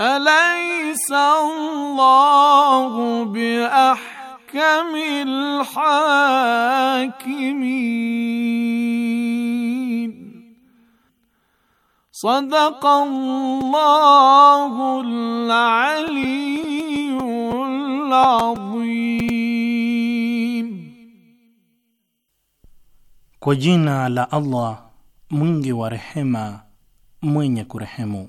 أليس الله بأحكم الحاكمين صدق الله العلي العظيم Kwa jina la Allah mwingi wa rehema mwenye kurehemu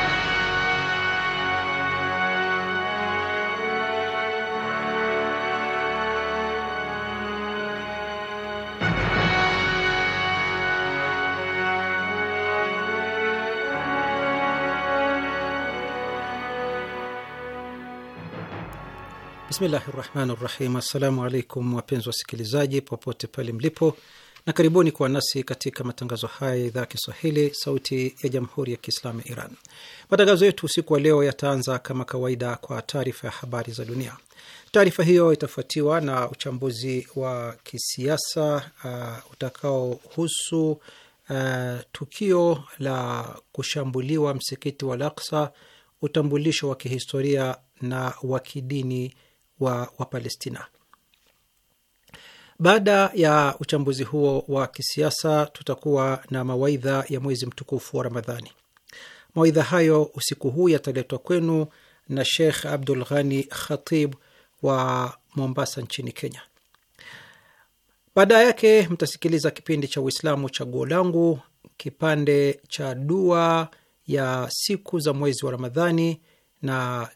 Bismillahi rahmani rahim. Assalamu alaikum wapenzi wasikilizaji popote pale mlipo, na karibuni kuwa nasi katika matangazo haya ya idhaa ya Kiswahili, Sauti ya Jamhuri ya Kiislamu ya Iran. Matangazo yetu usiku wa leo yataanza kama kawaida kwa taarifa ya habari za dunia. Taarifa hiyo itafuatiwa na uchambuzi wa kisiasa uh, utakaohusu uh, tukio la kushambuliwa msikiti wa Al-Aqsa, utambulisho wa kihistoria na wa kidini wa Wapalestina. Baada ya uchambuzi huo wa kisiasa, tutakuwa na mawaidha ya mwezi mtukufu wa Ramadhani. Mawaidha hayo usiku huu yataletwa kwenu na Sheikh Abdul Ghani Khatib wa Mombasa nchini Kenya. Baada yake mtasikiliza kipindi cha Uislamu Chaguo Langu, kipande cha dua ya siku za mwezi wa Ramadhani na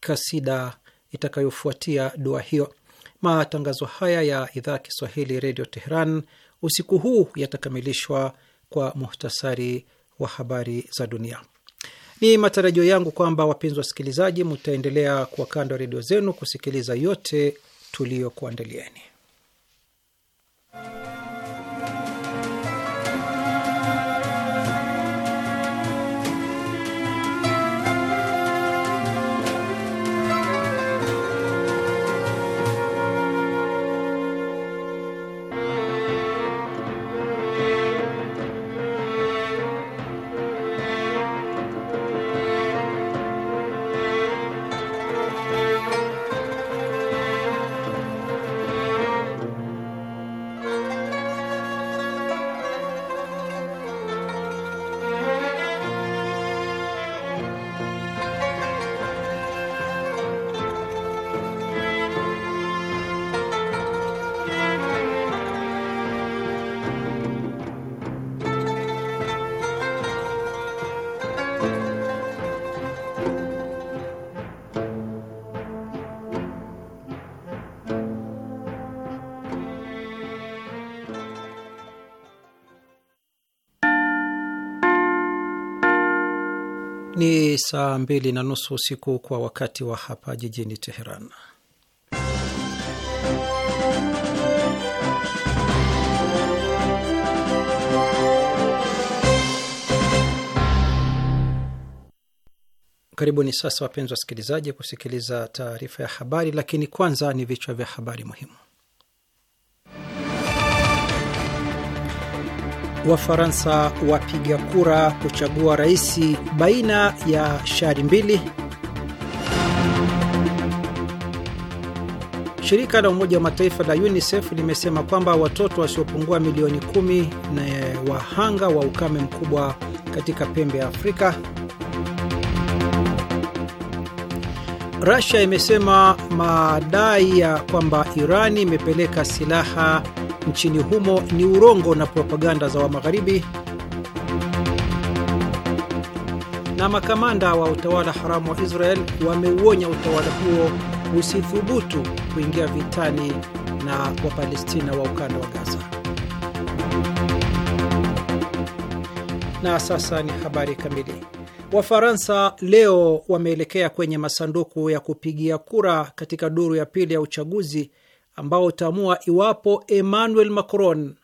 kasida itakayofuatia dua hiyo. Matangazo haya ya idhaa ya Kiswahili Redio Teheran usiku huu yatakamilishwa kwa muhtasari wa habari za dunia. Ni matarajio yangu kwamba wapenzi wasikilizaji, mtaendelea kuwa kando ya redio zenu kusikiliza yote tuliyokuandalieni. saa mbili na nusu usiku kwa wakati wa hapa jijini Teheran. Karibuni sasa, wapenzi wasikilizaji, kusikiliza taarifa ya habari, lakini kwanza ni vichwa vya habari muhimu. Wafaransa wapiga kura kuchagua rais baina ya shari mbili. Shirika la Umoja wa Mataifa la UNICEF limesema kwamba watoto wasiopungua milioni kumi na wahanga wa ukame mkubwa katika pembe ya Afrika. rasia imesema madai ya kwamba Irani imepeleka silaha nchini humo ni urongo na propaganda za Wamagharibi, na makamanda wa utawala haramu wa Israel wameuonya utawala huo usithubutu kuingia vitani na Wapalestina wa ukanda wa Gaza. Na sasa ni habari kamili. Wafaransa leo wameelekea kwenye masanduku ya kupigia kura katika duru ya pili ya uchaguzi ambao utaamua iwapo Emmanuel Macron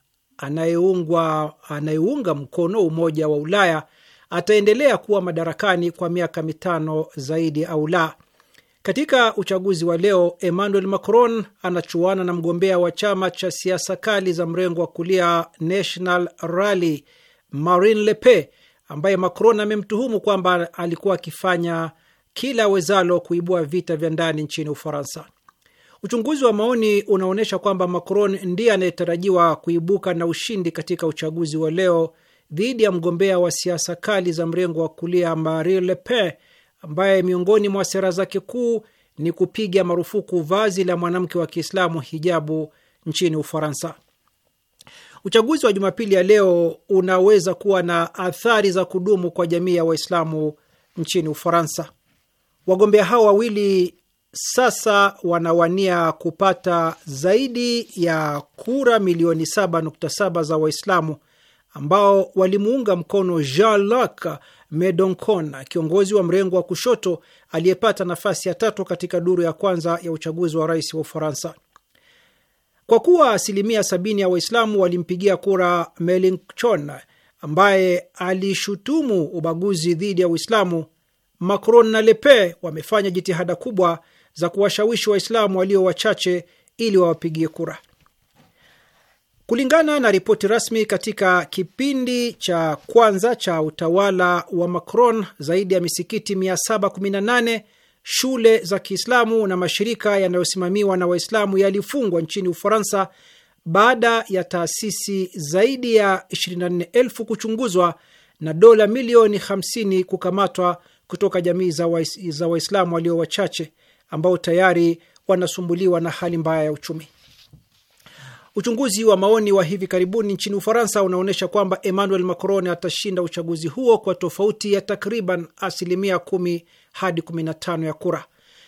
anayeunga mkono Umoja wa Ulaya ataendelea kuwa madarakani kwa miaka mitano zaidi au la. Katika uchaguzi wa leo, Emmanuel Macron anachuana na mgombea wa chama cha siasa kali za mrengo wa kulia National Rally, Marine Le Pen, ambaye Macron amemtuhumu kwamba alikuwa akifanya kila awezalo kuibua vita vya ndani nchini Ufaransa. Uchunguzi wa maoni unaonyesha kwamba Macron ndiye anayetarajiwa kuibuka na ushindi katika uchaguzi wa leo dhidi ya mgombea wa siasa kali za mrengo wa kulia Marine Le Pen ambaye miongoni mwa sera zake kuu ni kupiga marufuku vazi la mwanamke wa Kiislamu, hijabu, nchini Ufaransa. Uchaguzi wa Jumapili ya leo unaweza kuwa na athari za kudumu kwa jamii ya Waislamu nchini Ufaransa. Wagombea hao wawili sasa wanawania kupata zaidi ya kura milioni 7.7 za Waislamu ambao walimuunga mkono Jean-Luc Medoncon, kiongozi wa mrengo wa kushoto aliyepata nafasi ya tatu katika duru ya kwanza ya uchaguzi wa rais wa Ufaransa. Kwa kuwa asilimia sabini ya Waislamu walimpigia kura Melenchon ambaye alishutumu ubaguzi dhidi ya Uislamu, Macron na Lepe wamefanya jitihada kubwa za kuwashawishi Waislamu walio wachache ili wawapigie kura. Kulingana na ripoti rasmi, katika kipindi cha kwanza cha utawala wa Macron, zaidi ya misikiti 718 shule za Kiislamu na mashirika yanayosimamiwa na Waislamu yalifungwa nchini Ufaransa baada ya taasisi zaidi ya 24,000 kuchunguzwa na dola milioni 50 kukamatwa kutoka jamii za Waislamu walio wachache ambao tayari wanasumbuliwa na hali mbaya ya uchumi. Uchunguzi wa maoni wa hivi karibuni nchini Ufaransa unaonyesha kwamba Emmanuel Macron atashinda uchaguzi huo kwa tofauti ya takriban asilimia kumi hadi 15 ya kura.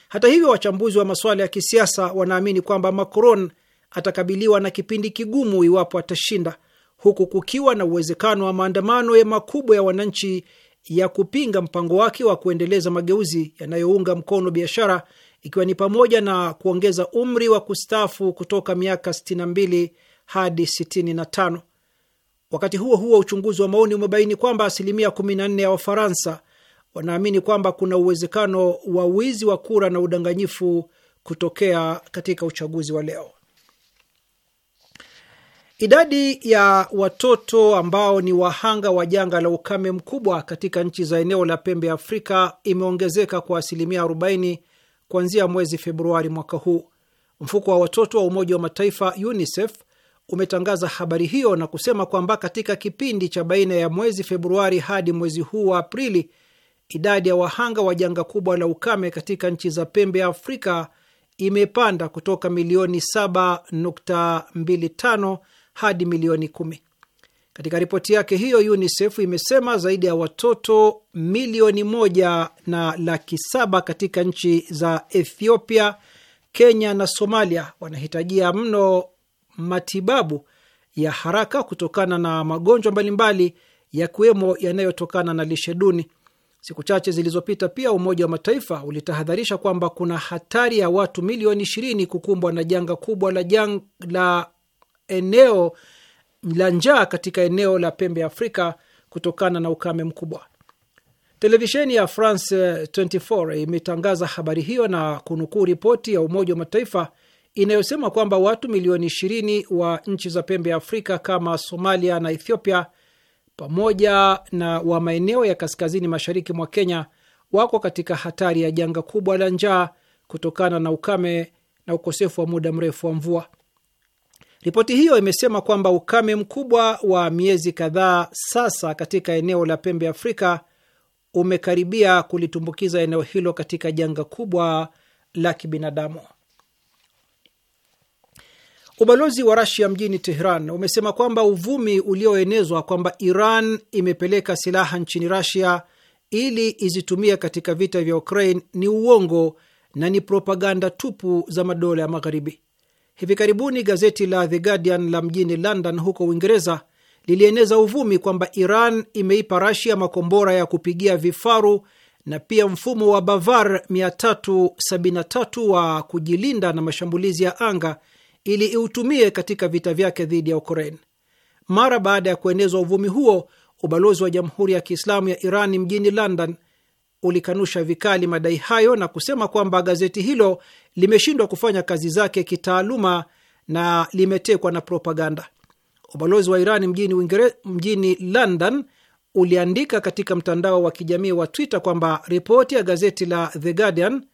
Hata hivyo, wachambuzi wa masuala ya kisiasa wanaamini kwamba Macron atakabiliwa na kipindi kigumu iwapo atashinda, huku kukiwa na uwezekano wa maandamano ya makubwa ya wananchi ya kupinga mpango wake wa kuendeleza mageuzi yanayounga mkono biashara ikiwa ni pamoja na kuongeza umri wa kustaafu kutoka miaka 62 hadi 65. Wakati huo huo, uchunguzi wa maoni umebaini kwamba asilimia 14 ya Wafaransa wanaamini kwamba kuna uwezekano wa wizi wa kura na udanganyifu kutokea katika uchaguzi wa leo. Idadi ya watoto ambao ni wahanga wa janga la ukame mkubwa katika nchi za eneo la pembe ya Afrika imeongezeka kwa asilimia kuanzia mwezi Februari mwaka huu. Mfuko wa watoto wa Umoja wa Mataifa UNICEF umetangaza habari hiyo na kusema kwamba katika kipindi cha baina ya mwezi Februari hadi mwezi huu wa Aprili, idadi ya wahanga wa janga kubwa la ukame katika nchi za pembe ya Afrika imepanda kutoka milioni 7.25 hadi milioni 10. Katika ripoti yake hiyo, UNICEF imesema zaidi ya watoto milioni moja na laki saba katika nchi za Ethiopia, Kenya na Somalia wanahitajia mno matibabu ya haraka kutokana na magonjwa mbalimbali yakiwemo yanayotokana na lishe duni. Siku chache zilizopita pia Umoja wa Mataifa ulitahadharisha kwamba kuna hatari ya watu milioni ishirini kukumbwa na janga kubwa la, jang, la eneo la njaa katika eneo la pembe ya Afrika kutokana na ukame mkubwa. Televisheni ya France 24 imetangaza habari hiyo na kunukuu ripoti ya Umoja wa Mataifa inayosema kwamba watu milioni 20 wa nchi za pembe ya Afrika kama Somalia na Ethiopia pamoja na wa maeneo ya kaskazini mashariki mwa Kenya wako katika hatari ya janga kubwa la njaa kutokana na ukame na ukosefu wa muda mrefu wa mvua. Ripoti hiyo imesema kwamba ukame mkubwa wa miezi kadhaa sasa katika eneo la pembe Afrika umekaribia kulitumbukiza eneo hilo katika janga kubwa la kibinadamu. Ubalozi wa Rasia mjini Tehran umesema kwamba uvumi ulioenezwa kwamba Iran imepeleka silaha nchini Rasia ili izitumia katika vita vya Ukraine ni uongo na ni propaganda tupu za madola ya Magharibi. Hivi karibuni gazeti la The Guardian la mjini London huko Uingereza lilieneza uvumi kwamba Iran imeipa Rasia makombora ya kupigia vifaru na pia mfumo wa Bavar 373 wa kujilinda na mashambulizi ya anga ili iutumie katika vita vyake dhidi ya Ukraine. Mara baada ya kuenezwa uvumi huo, ubalozi wa Jamhuri ya Kiislamu ya Iran mjini London ulikanusha vikali madai hayo na kusema kwamba gazeti hilo limeshindwa kufanya kazi zake kitaaluma na limetekwa na propaganda. Ubalozi wa Iran mjini Uingere, mjini London uliandika katika mtandao wa kijamii wa Twitter kwamba ripoti ya gazeti la The Guardian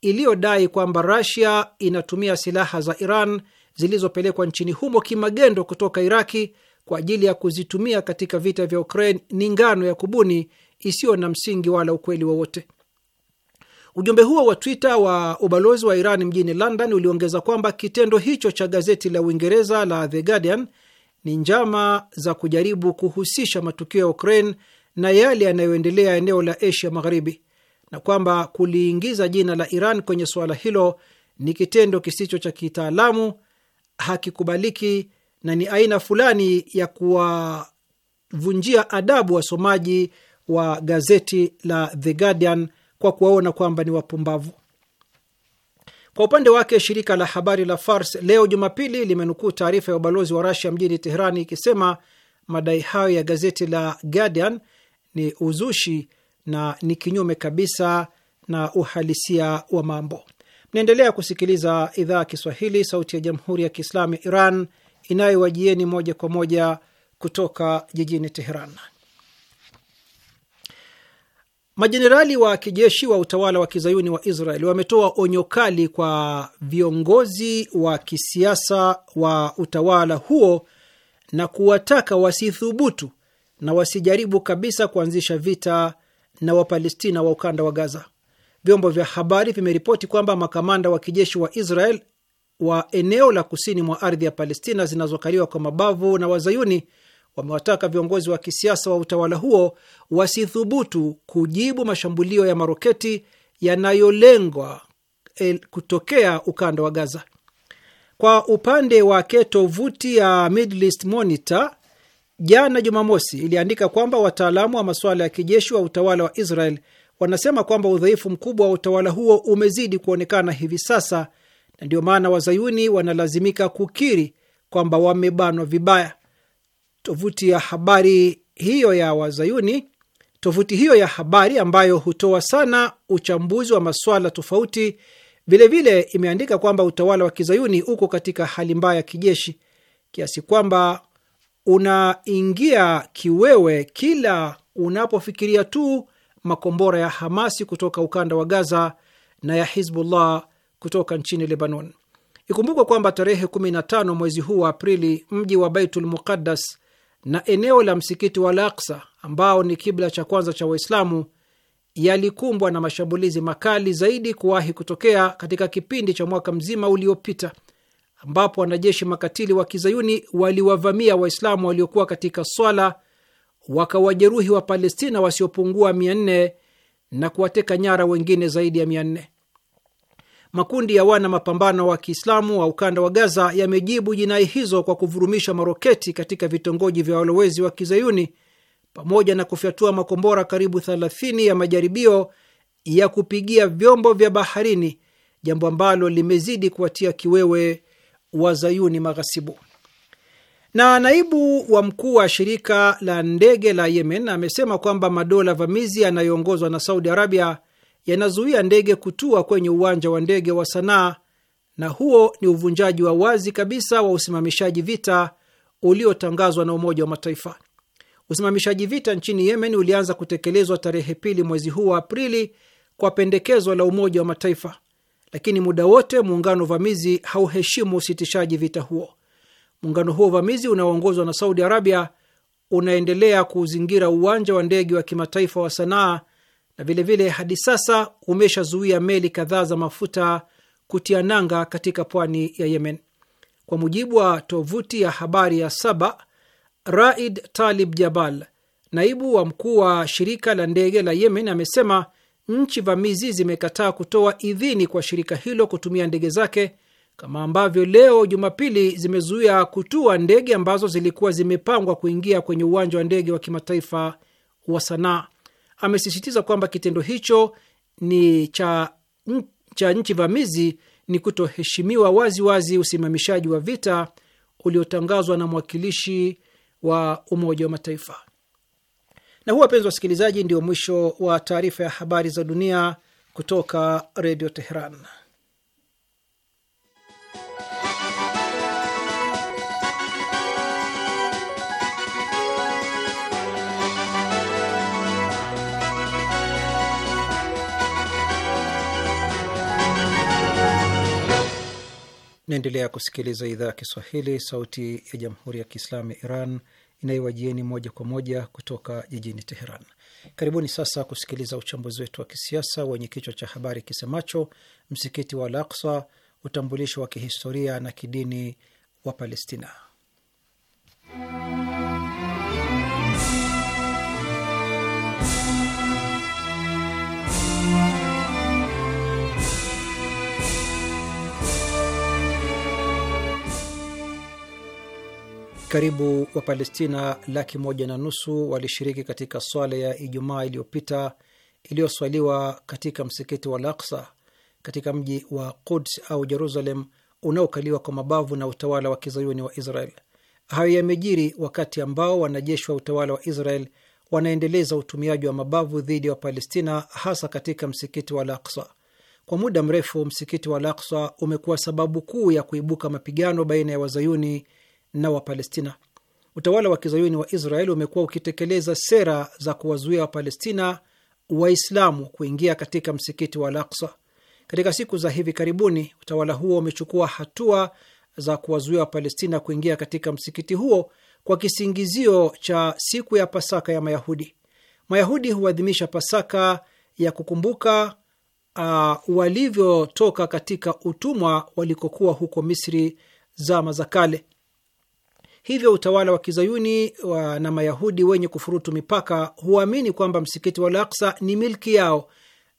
iliyodai kwamba Russia inatumia silaha za Iran zilizopelekwa nchini humo kimagendo kutoka Iraki kwa ajili ya kuzitumia katika vita vya Ukraine ni ngano ya kubuni isiyo na msingi wala ukweli wowote ujumbe huo wa Twitter wa ubalozi wa Iran mjini London uliongeza kwamba kitendo hicho cha gazeti la Uingereza la The Guardian ni njama za kujaribu kuhusisha matukio ya Ukraine na yale yanayoendelea eneo la Asia Magharibi na kwamba kuliingiza jina la Iran kwenye suala hilo ni kitendo kisicho cha kitaalamu, hakikubaliki na ni aina fulani ya kuwavunjia adabu wasomaji wa gazeti la The Guardian kwa kuwaona kwamba ni wapumbavu. Kwa upande wake shirika la habari la Fars leo Jumapili limenukuu taarifa ya ubalozi wa Rasia mjini Teherani ikisema madai hayo ya gazeti la Guardian ni uzushi na ni kinyume kabisa na uhalisia wa mambo. Mnaendelea kusikiliza idhaa ya Kiswahili, sauti ya jamhuri ya kiislamu ya Iran inayowajieni moja kwa moja kutoka jijini Teheran. Majenerali wa kijeshi wa utawala wa kizayuni wa israel wametoa onyo kali kwa viongozi wa kisiasa wa utawala huo na kuwataka wasithubutu na wasijaribu kabisa kuanzisha vita na Wapalestina wa ukanda wa Gaza. Vyombo vya habari vimeripoti kwamba makamanda wa kijeshi wa Israel wa eneo la kusini mwa ardhi ya Palestina zinazokaliwa kwa mabavu na Wazayuni wamewataka viongozi wa kisiasa wa utawala huo wasithubutu kujibu mashambulio ya maroketi yanayolengwa eh, kutokea ukanda wa Gaza. Kwa upande wake, tovuti ya Middle East Monitor jana Jumamosi iliandika kwamba wataalamu wa masuala ya kijeshi wa utawala wa Israel wanasema kwamba udhaifu mkubwa wa utawala huo umezidi kuonekana hivi sasa, na ndio maana wazayuni wanalazimika kukiri kwamba wamebanwa vibaya. Tovuti ya habari hiyo ya Wazayuni, tovuti hiyo ya habari ambayo hutoa sana uchambuzi wa masuala tofauti, vilevile imeandika kwamba utawala wa kizayuni uko katika hali mbaya ya kijeshi kiasi kwamba unaingia kiwewe kila unapofikiria tu makombora ya Hamasi kutoka ukanda wa Gaza na ya Hizbullah kutoka nchini Lebanon. Ikumbukwe kwamba tarehe 15 mwezi huu wa Aprili, mji wa Baitul Muqaddas na eneo la msikiti wa Al-Aqsa ambao ni kibla cha kwanza cha Waislamu yalikumbwa na mashambulizi makali zaidi kuwahi kutokea katika kipindi cha mwaka mzima uliopita, ambapo wanajeshi makatili wa kizayuni waliwavamia Waislamu waliokuwa katika swala, wakawajeruhi wa Palestina wasiopungua 4 na kuwateka nyara wengine zaidi ya mia Makundi ya wana mapambano wa Kiislamu wa ukanda wa Gaza yamejibu jinai hizo kwa kuvurumisha maroketi katika vitongoji vya walowezi wa Kizayuni pamoja na kufyatua makombora karibu 30 ya majaribio ya kupigia vyombo vya baharini, jambo ambalo limezidi kuwatia kiwewe wazayuni maghasibu. Na naibu wa mkuu wa shirika la ndege la Yemen amesema kwamba madola vamizi yanayoongozwa na Saudi Arabia yanazuia ndege kutua kwenye uwanja wa ndege wa Sanaa, na huo ni uvunjaji wa wazi kabisa wa usimamishaji vita uliotangazwa na Umoja wa Mataifa. Usimamishaji vita nchini Yemen ulianza kutekelezwa tarehe pili mwezi huu wa Aprili kwa pendekezo la Umoja wa Mataifa, lakini muda wote muungano uvamizi hauheshimu usitishaji vita huo. Muungano huo uvamizi unaoongozwa na Saudi Arabia unaendelea kuuzingira uwanja wa ndege wa kimataifa wa Sanaa na vilevile hadi sasa umeshazuia meli kadhaa za mafuta kutia nanga katika pwani ya Yemen. Kwa mujibu wa tovuti ya habari ya Saba, Raid Talib Jabal, naibu wa mkuu wa shirika la ndege la Yemen, amesema nchi vamizi zimekataa kutoa idhini kwa shirika hilo kutumia ndege zake, kama ambavyo leo Jumapili zimezuia kutua ndege ambazo zilikuwa zimepangwa kuingia kwenye uwanja wa ndege wa kimataifa wa Sanaa amesisitiza kwamba kitendo hicho ni cha, cha nchi vamizi ni kutoheshimiwa waziwazi usimamishaji wa vita uliotangazwa na mwakilishi wa Umoja wa Mataifa. Na huu, wapenzi wasikilizaji, ndio mwisho wa taarifa ya habari za dunia kutoka Redio Teheran. Naendelea kusikiliza idhaa ya Kiswahili, sauti ya jamhuri ya kiislamu ya Iran inayowajieni moja kwa moja kutoka jijini Teheran. Karibuni sasa kusikiliza uchambuzi wetu wa kisiasa wenye kichwa cha habari kisemacho msikiti wa Al-Aqsa, utambulisho wa kihistoria na kidini wa Palestina. Karibu Wapalestina laki moja na nusu walishiriki katika swala ya Ijumaa iliyopita iliyoswaliwa katika msikiti wa Al-Aqsa katika mji wa Quds au Jerusalem unaokaliwa kwa mabavu na utawala wa kizayuni wa Israel. Hayo yamejiri wakati ambao wanajeshi wa utawala wa Israel wanaendeleza utumiaji wa mabavu dhidi ya Wapalestina, hasa katika msikiti wa Al-Aqsa. Kwa muda mrefu msikiti wa Al-Aqsa umekuwa sababu kuu ya kuibuka mapigano baina ya wazayuni na Wapalestina. Utawala wa kizayuni wa Israeli umekuwa ukitekeleza sera za kuwazuia Wapalestina Waislamu kuingia katika msikiti wa Al-Aqsa. Katika siku za hivi karibuni, utawala huo umechukua hatua za kuwazuia Wapalestina kuingia katika msikiti huo kwa kisingizio cha siku ya Pasaka ya Mayahudi. Mayahudi huadhimisha Pasaka ya kukumbuka uh, walivyotoka katika utumwa walikokuwa huko Misri zama za kale. Hivyo utawala wa kizayuni wa na mayahudi wenye kufurutu mipaka huamini kwamba msikiti wa Al-Aqsa ni milki yao,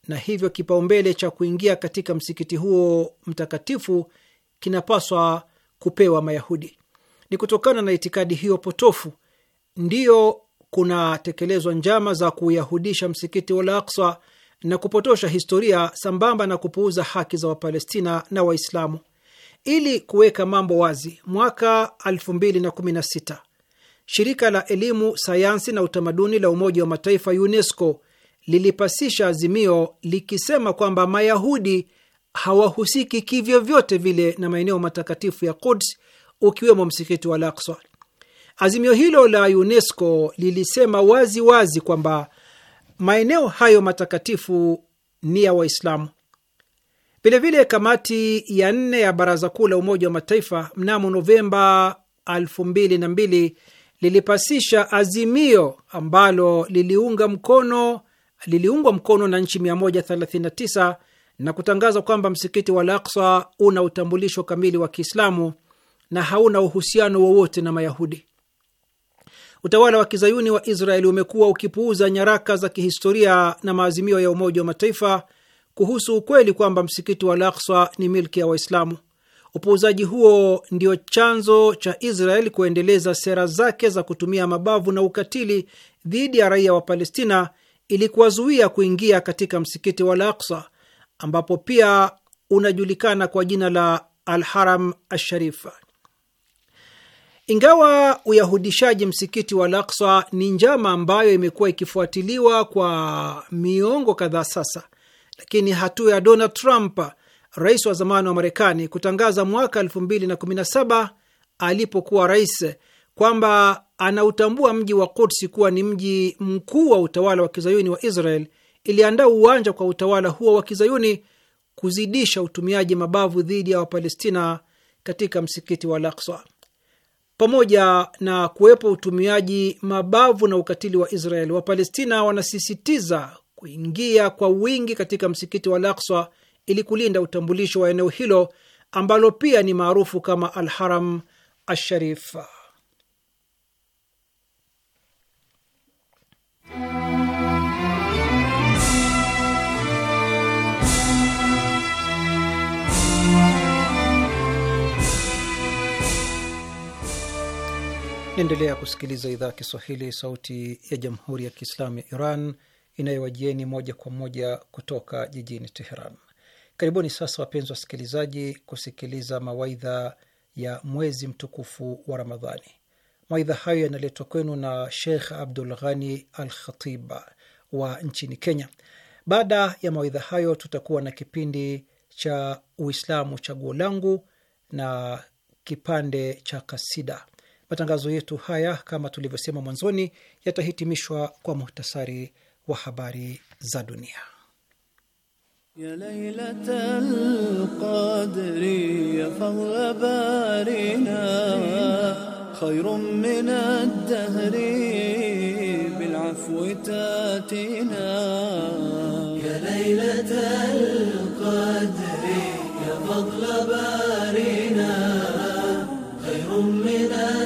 na hivyo kipaumbele cha kuingia katika msikiti huo mtakatifu kinapaswa kupewa Mayahudi. Ni kutokana na itikadi hiyo potofu ndiyo kunatekelezwa njama za kuyahudisha msikiti wa Al-Aqsa na kupotosha historia sambamba na kupuuza haki za Wapalestina na Waislamu. Ili kuweka mambo wazi, mwaka 2016 shirika la elimu, sayansi na utamaduni la Umoja wa Mataifa UNESCO lilipasisha azimio likisema kwamba Mayahudi hawahusiki kivyovyote vile na maeneo matakatifu ya Quds ukiwemo msikiti wa Al-Aqsa. Azimio hilo la UNESCO lilisema wazi wazi kwamba maeneo hayo matakatifu ni ya Waislamu Vilevile, kamati ya nne ya baraza kuu la Umoja wa Mataifa mnamo Novemba 2002 lilipasisha azimio ambalo liliunga mkono liliungwa mkono na nchi 139 na kutangaza kwamba msikiti wa Al-Aqsa una utambulisho kamili wa Kiislamu na hauna uhusiano wowote na Mayahudi. Utawala wa kizayuni wa Israeli umekuwa ukipuuza nyaraka za kihistoria na maazimio ya Umoja wa Mataifa kuhusu ukweli kwamba msikiti wa Al-Aqsa ni milki ya Waislamu. Upuuzaji huo ndio chanzo cha Israel kuendeleza sera zake za kutumia mabavu na ukatili dhidi ya raia wa Palestina ili kuwazuia kuingia katika msikiti wa Al-Aqsa ambapo pia unajulikana kwa jina la Al-Haram Asharifa. Ingawa uyahudishaji msikiti wa Al-Aqsa ni njama ambayo imekuwa ikifuatiliwa kwa miongo kadhaa sasa lakini hatua ya Donald Trump, rais wa zamani wa Marekani, kutangaza mwaka 2017 alipokuwa rais kwamba anautambua mji wa Kudsi kuwa ni mji mkuu wa utawala wa kizayuni wa Israel iliandaa uwanja kwa utawala huo wa kizayuni kuzidisha utumiaji mabavu dhidi ya Wapalestina katika msikiti wa Al-Aqsa. Pamoja na kuwepo utumiaji mabavu na ukatili wa Israel, Wapalestina wanasisitiza kuingia kwa wingi katika msikiti wa Al-Aqsa ili kulinda utambulisho wa eneo hilo ambalo pia ni maarufu kama Al-Haram Al-Sharif. Naendelea kusikiliza idhaa ya Kiswahili, sauti ya jamhuri ya kiislamu ya Iran inayowajieni moja kwa moja kutoka jijini Teheran. Karibuni sasa wapenzi wasikilizaji, kusikiliza mawaidha ya mwezi mtukufu wa Ramadhani. Mawaidha hayo yanaletwa kwenu na Sheikh Abdul Ghani Al Khatiba wa nchini Kenya. Baada ya mawaidha hayo, tutakuwa na kipindi cha Uislamu Chaguo Langu na kipande cha kasida. Matangazo yetu haya, kama tulivyosema mwanzoni, yatahitimishwa kwa muhtasari wa habari za dunia. Ya laylatal qadri ya fadla barina khayrun min ad-dahri bil afwi tatina ya laylatal qadri ya fadla barina khayrun min ad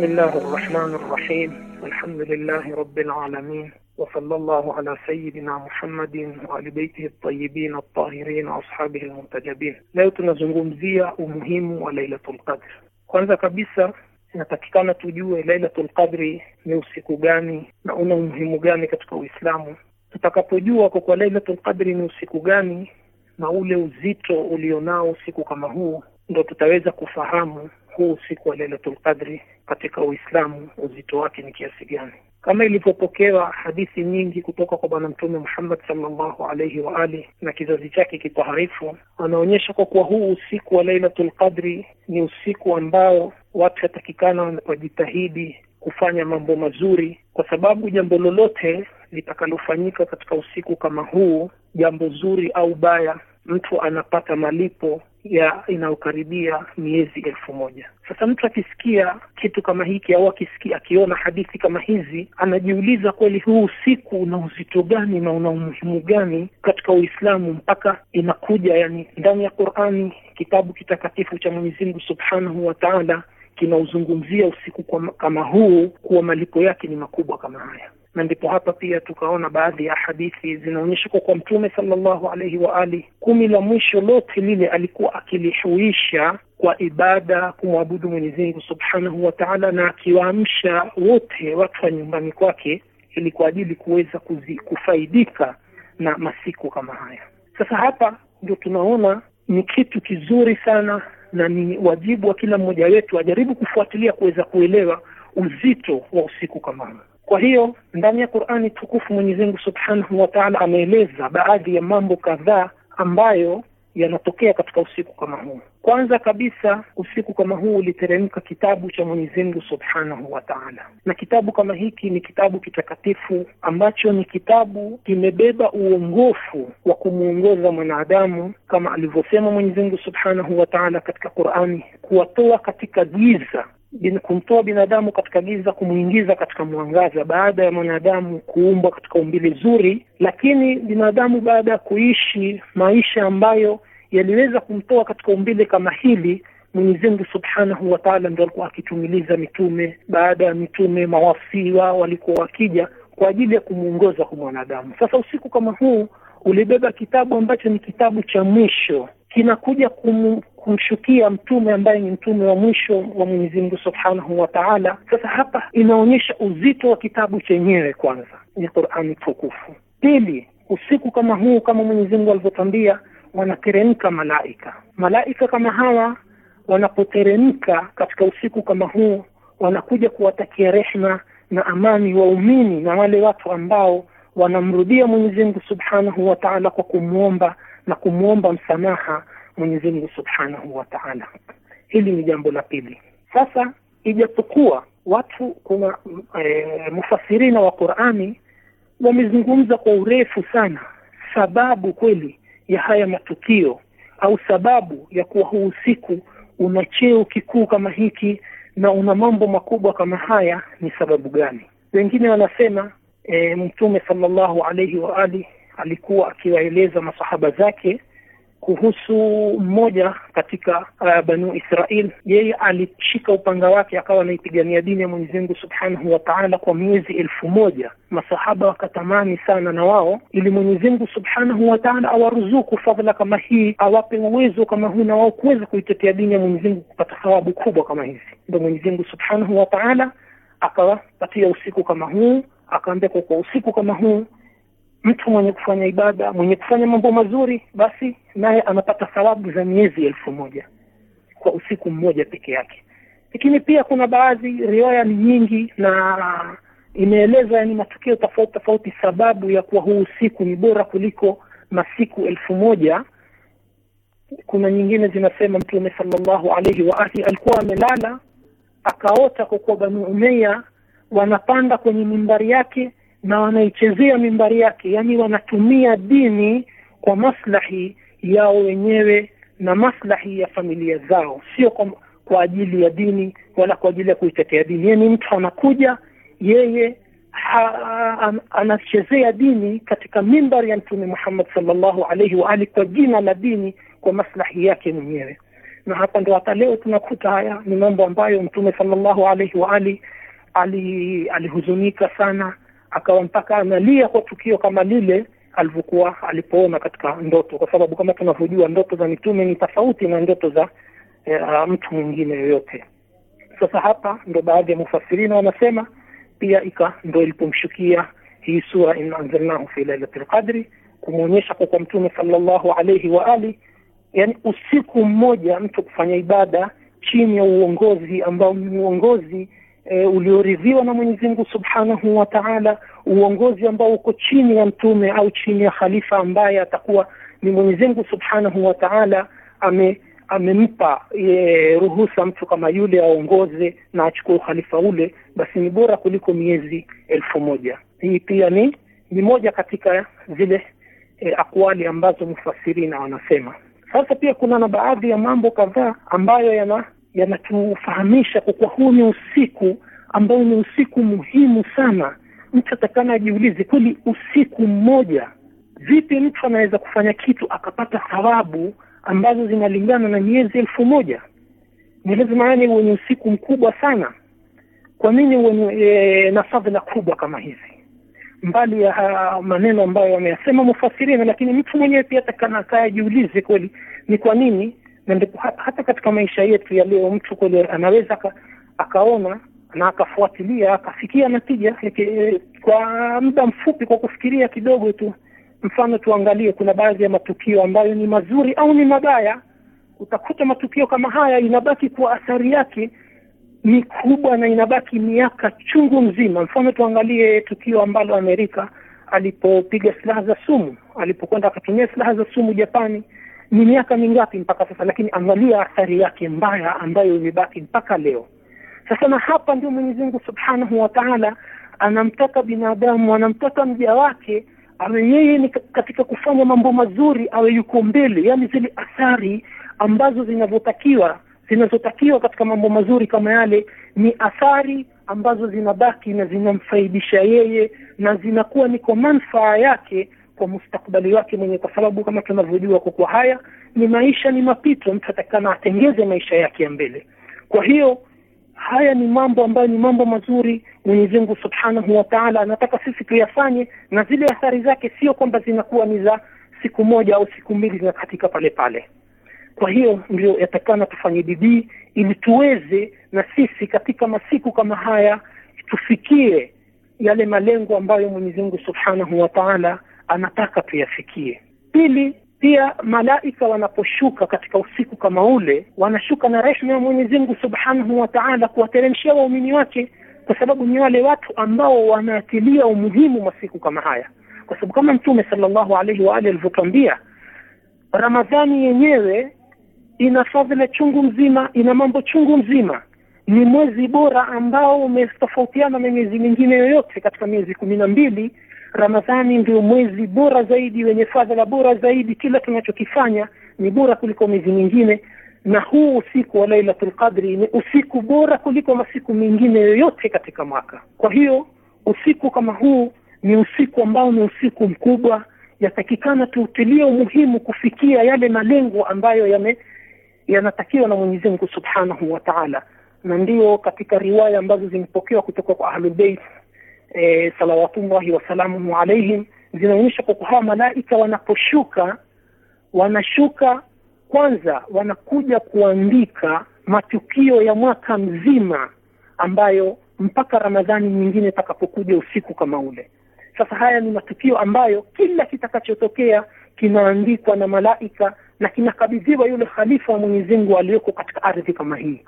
بسم الله الرحمن الرحيم الحمد لله رب العالمين وصلى الله على سيدنا محمد وآل بيته الطيبين الطاهرين وأصحابه المنتجبين. Leo tunazungumzia umuhimu wa Lailatul Qadr. Kwanza kabisa inatakikana tujue lailatu lqadri ni usiku gani na una umuhimu gani katika Uislamu. Tutakapojua kwa kuwa lailatu lqadri ni usiku gani na ule uzito ulionao usiku kama huu, ndo tutaweza kufahamu huu usiku wa Lailatul Qadri katika Uislamu uzito wake ni kiasi gani, kama ilivyopokewa hadithi nyingi kutoka kwa Bwana Mtume Muhammad sallallahu alaihi wa ali na kizazi chake kitoharifu, anaonyesha kwa kuwa huu usiku wa Lailatul Qadri ni usiku ambao watu watakikana wajitahidi kufanya mambo mazuri, kwa sababu jambo lolote litakalofanyika katika usiku kama huu, jambo zuri au baya, mtu anapata malipo ya inayokaribia miezi elfu moja. Sasa mtu akisikia kitu kama hiki au akisikia akiona hadithi kama hizi, anajiuliza kweli, huu usiku una uzito gani na una umuhimu gani katika Uislamu mpaka inakuja yani ndani ya Qurani, kitabu kitakatifu cha Mwenyezi Mungu subhanahu wa taala kinauzungumzia usiku kama huu kuwa malipo yake ni makubwa kama haya na ndipo hapa pia tukaona baadhi ya hadithi zinaonyesha kwa kwa Mtume sallallahu alaihi wa ali, kumi la mwisho lote lile alikuwa akilihuisha kwa ibada, kumwabudu Mwenyezi Mungu subhanahu wa taala, na akiwaamsha wote watu wa nyumbani kwake ili kwa ajili kuweza kuzi, kufaidika na masiku kama haya. Sasa hapa ndio tunaona ni kitu kizuri sana na ni wajibu wa kila mmoja wetu ajaribu kufuatilia kuweza kuelewa uzito wa usiku kama huu. Kwa hiyo ndani ya Qur'ani tukufu Mwenyezi Mungu Subhanahu wa Ta'ala ameeleza baadhi ya mambo kadhaa ambayo yanatokea katika usiku kama huu. Kwanza kabisa, usiku kama huu uliteremka kitabu cha Mwenyezi Mungu Subhanahu wa Ta'ala, na kitabu kama hiki ni kitabu kitakatifu ambacho ni kitabu kimebeba uongofu wa kumwongoza mwanadamu kama alivyosema Mwenyezi Mungu Subhanahu wa Ta'ala katika Qur'ani, kuwatoa katika giza bin, kumtoa binadamu katika giza kumwingiza katika mwangaza, baada ya mwanadamu kuumbwa katika umbile zuri, lakini binadamu baada ya kuishi maisha ambayo yaliweza kumtoa katika umbile kama hili mwenyezimgu Subhanahu wataala ndo ndio alikuwa akitumiliza mitume baada ya mitume, mawasiwa walikuwa wakija kwa ajili ya kumwongoza kwa mwanadamu. Sasa usiku kama huu ulibeba kitabu ambacho ni kitabu cha mwisho, kinakuja kumshukia mtume ambaye ni mtume wa mwisho wa Mwenyezi Mungu Subhanahu wa Ta'ala. Sasa hapa inaonyesha uzito wa kitabu chenyewe, kwanza ni Qur'ani tukufu, pili usiku kama huu, kama Mwenyezi Mungu alivyotambia, wanateremka malaika. Malaika kama hawa wanapoteremka katika usiku kama huu, wanakuja kuwatakia rehma na amani waumini na wale watu ambao wanamrudia Mwenyezi Mungu Subhanahu wa Ta'ala kwa kumwomba na kumwomba msamaha Mwenyezi Mungu Subhanahu wa Ta'ala. Hili ni jambo la pili. Sasa ijapokuwa watu kuna e, eh, mufasirina wa Qur'ani wamezungumza kwa urefu sana sababu kweli ya haya matukio au sababu ya kuwa huu usiku una cheo kikuu kama hiki na una mambo makubwa kama haya ni sababu gani? Wengine wanasema e, Mtume sallallahu alaihi wa ali alikuwa akiwaeleza masahaba zake kuhusu mmoja katika uh, Banu Israel, yeye alishika upanga wake akawa anaipigania dini ya Mwenyezi Mungu Subhanahu wa Ta'ala kwa miezi elfu moja. Masahaba wakatamani sana na wao, ili Mwenyezi Mungu Subhanahu wa Ta'ala awaruzuku fadhila kama hii, awape uwezo kama huu na wao kuweza kuitetea dini ya Mwenyezi Mungu kupata thawabu kubwa kama hizi. ndo Mwenyezi Mungu Subhanahu wa Ta'ala akawapatia usiku kama huu, akaambia kwa usiku kama huu mtu mwenye kufanya ibada mwenye kufanya mambo mazuri basi naye anapata thawabu za miezi elfu moja kwa usiku mmoja peke yake lakini pia kuna baadhi riwaya ni nyingi na imeeleza yani matukio tofauti tofauti sababu ya kuwa huu usiku ni bora kuliko masiku elfu moja kuna nyingine zinasema mtume salllahu alaihi waalihi alikuwa amelala akaota kwa kuwa banu umeya wanapanda kwenye mimbari yake na wanaichezea mimbari yake, yaani wanatumia dini kwa maslahi yao wenyewe na maslahi ya familia zao, sio kwa, kwa ajili ya dini wala kwa ajili ya kuitetea dini. Yaani mtu anakuja yeye anachezea dini katika mimbari ya Mtume Muhammad sallallahu alaihi wa kwa jina la dini kwa maslahi yake mwenyewe, na hapa ndo hata leo tunakuta haya ni mambo ambayo Mtume sallallahu alaihi wa alihuzunika ali sana akawa mpaka analia kwa tukio kama lile alivyokuwa alipoona katika ndoto, kwa sababu kama tunavyojua ndoto za mitume ni tofauti na ndoto za e, eh, a, ah, mtu mwingine yoyote. Sasa hapa ndo baadhi ya mufasirina wanasema pia ika ndo ilipomshukia hii sura inna anzalnahu fi lailati lqadri, kumwonyesha kwa kwa mtume sallallahu alaihi wa ali, yani usiku mmoja mtu kufanya ibada chini ya uongozi ambao ni uongozi e, ulioridhiwa na Mwenyezi Mungu Subhanahu wa Ta'ala, uongozi ambao uko chini ya mtume au chini ya khalifa ambaye atakuwa ni Mwenyezi Mungu Subhanahu wa Ta'ala ame amempa e, ruhusa mtu kama yule aongoze na achukue ukhalifa ule, basi ni bora kuliko miezi elfu moja. Hii pia ni ni moja katika zile e, akwali ambazo mufasirina wanasema. Sasa pia kuna na baadhi ya mambo kadhaa ambayo yana yanatufahamisha kwa kuwa huu ni usiku ambao ni usiku muhimu sana. Mtu atakana ajiulize, kweli usiku mmoja, vipi mtu anaweza kufanya kitu akapata thawabu ambazo zinalingana na miezi elfu moja? Ni lazima yani huwe ni usiku mkubwa sana. Kwa nini huwe e, na fadhila kubwa kama hizi, mbali ya maneno ambayo wameyasema mufasirina, lakini mtu mwenyewe pia atakana akaye ajiulize, kweli ni kwa nini na ndipo hata katika maisha yetu ya leo mtu kweli anaweza ka, akaona na akafuatilia akafikia natija yake e, kwa muda mfupi, kwa kufikiria kidogo tu. Mfano, tuangalie, kuna baadhi ya matukio ambayo ni mazuri au ni mabaya. Utakuta matukio kama haya inabaki kwa athari yake ni kubwa na inabaki miaka chungu mzima. Mfano, tuangalie tukio ambalo Amerika alipopiga silaha za sumu, alipokwenda akatumia silaha za sumu Japani ni miaka mingapi mpaka sasa, lakini angalia athari yake mbaya ambayo imebaki mpaka leo. Sasa na hapa ndio Mwenyezi Mungu Subhanahu wa Ta'ala anamtaka binadamu, anamtaka mja wake awe yeye ni katika kufanya mambo mazuri, awe yuko mbele, yani zile athari ambazo zinavyotakiwa zinazotakiwa katika mambo mazuri kama yale ni athari ambazo zinabaki na zinamfaidisha yeye na zinakuwa niko manufaa yake kwa mustakbali wake mwenye, kwa sababu kama tunavyojua, kwa haya ni maisha, ni mapito, mtu atakana atengeze maisha yake ya mbele. Kwa hiyo haya ni mambo ambayo ni mambo mazuri. Mwenyezi Mungu Subhanahu wa Ta'ala anataka sisi tuyafanye, na zile athari zake sio kwamba zinakuwa ni za siku moja au siku mbili, zinakatika pale pale. Kwa hiyo ndio yatakana tufanye bidii ili tuweze na sisi katika masiku kama haya tufikie yale malengo ambayo Mwenyezi Mungu Subhanahu wa Ta'ala anataka tuyafikie. Pili, pia malaika wanaposhuka katika usiku kama ule, wanashuka na rehma ya Mwenyezi Mungu Subhanahu wa Ta'ala kuwateremshia waumini wake, kwa sababu ni wale watu ambao wanaatilia umuhimu masiku kama haya, kwa sababu kama Mtume sallallahu alaihi wa alihi alivyotwambia, Ramadhani yenyewe ina fadhila chungu mzima, ina mambo chungu mzima. Ni mwezi bora ambao umetofautiana na miezi mingine yoyote katika miezi kumi na mbili Ramadhani ndio mwezi bora zaidi wenye fadhila bora zaidi. Kila tunachokifanya ni bora kuliko miezi mingine, na huu usiku wa Lailatul Qadri ni usiku bora kuliko masiku mengine yoyote katika mwaka. Kwa hiyo usiku kama huu ni usiku ambao ni usiku mkubwa, yatakikana tuutilie umuhimu kufikia yale malengo ambayo yame yanatakiwa na Mwenyezi Mungu Subhanahu wa Ta'ala, na ndio katika riwaya ambazo zimepokewa kutoka kwa Ahlul Bait e, salawatullahi wasalamuhu alaihim zinaonyesha kwa hawa malaika wanaposhuka wanashuka kwanza wanakuja kuandika matukio ya mwaka mzima ambayo mpaka Ramadhani nyingine itakapokuja usiku kama ule. Sasa haya ni matukio ambayo kila kitakachotokea kinaandikwa na malaika na kinakabidhiwa yule khalifa wa Mwenyezi Mungu aliyoko katika ardhi kama hii.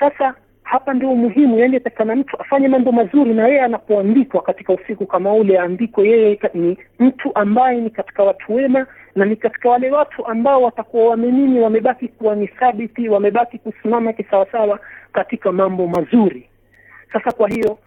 Sasa hapa ndio umuhimu, yani atakana mtu afanye mambo mazuri, na yeye anapoandikwa katika usiku kama ule aandikwe yeye ni mtu ambaye ni katika watu wema na ni katika wale watu ambao watakuwa wamenini, wamebaki kuwa ni thabiti, wamebaki kusimama kisawasawa katika mambo mazuri. Sasa kwa hiyo